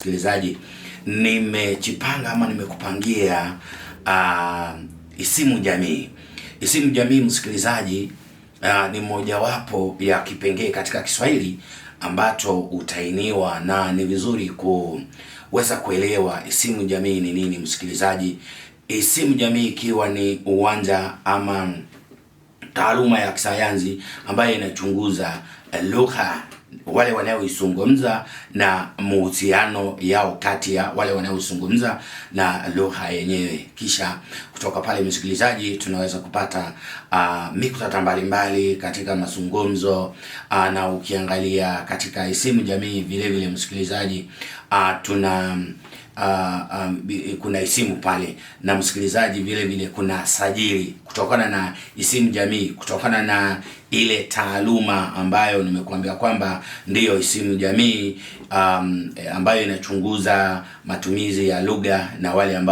Msikilizaji, nimejipanga ama nimekupangia uh, isimu jamii. Isimu jamii msikilizaji, uh, ni mojawapo ya kipengee katika Kiswahili ambacho utainiwa na ni vizuri kuweza kuelewa isimu jamii ni nini. Msikilizaji, isimu jamii ikiwa ni uwanja ama taaluma ya kisayansi ambayo inachunguza eh, lugha wale wanaoizungumza na mahusiano yao kati ya wale wanaozungumza na lugha yenyewe. Kisha kutoka pale, msikilizaji, tunaweza kupata uh, ah, mikutata mbalimbali katika mazungumzo uh, na ukiangalia katika isimu jamii vile vile, msikilizaji, uh, tuna uh, um, kuna isimu pale na msikilizaji, vile vile kuna sajili kutokana na isimu jamii, kutokana na ile taaluma ambayo nimekuambia kwamba ndiyo isimu jamii um, ambayo inachunguza matumizi ya lugha na wale ambao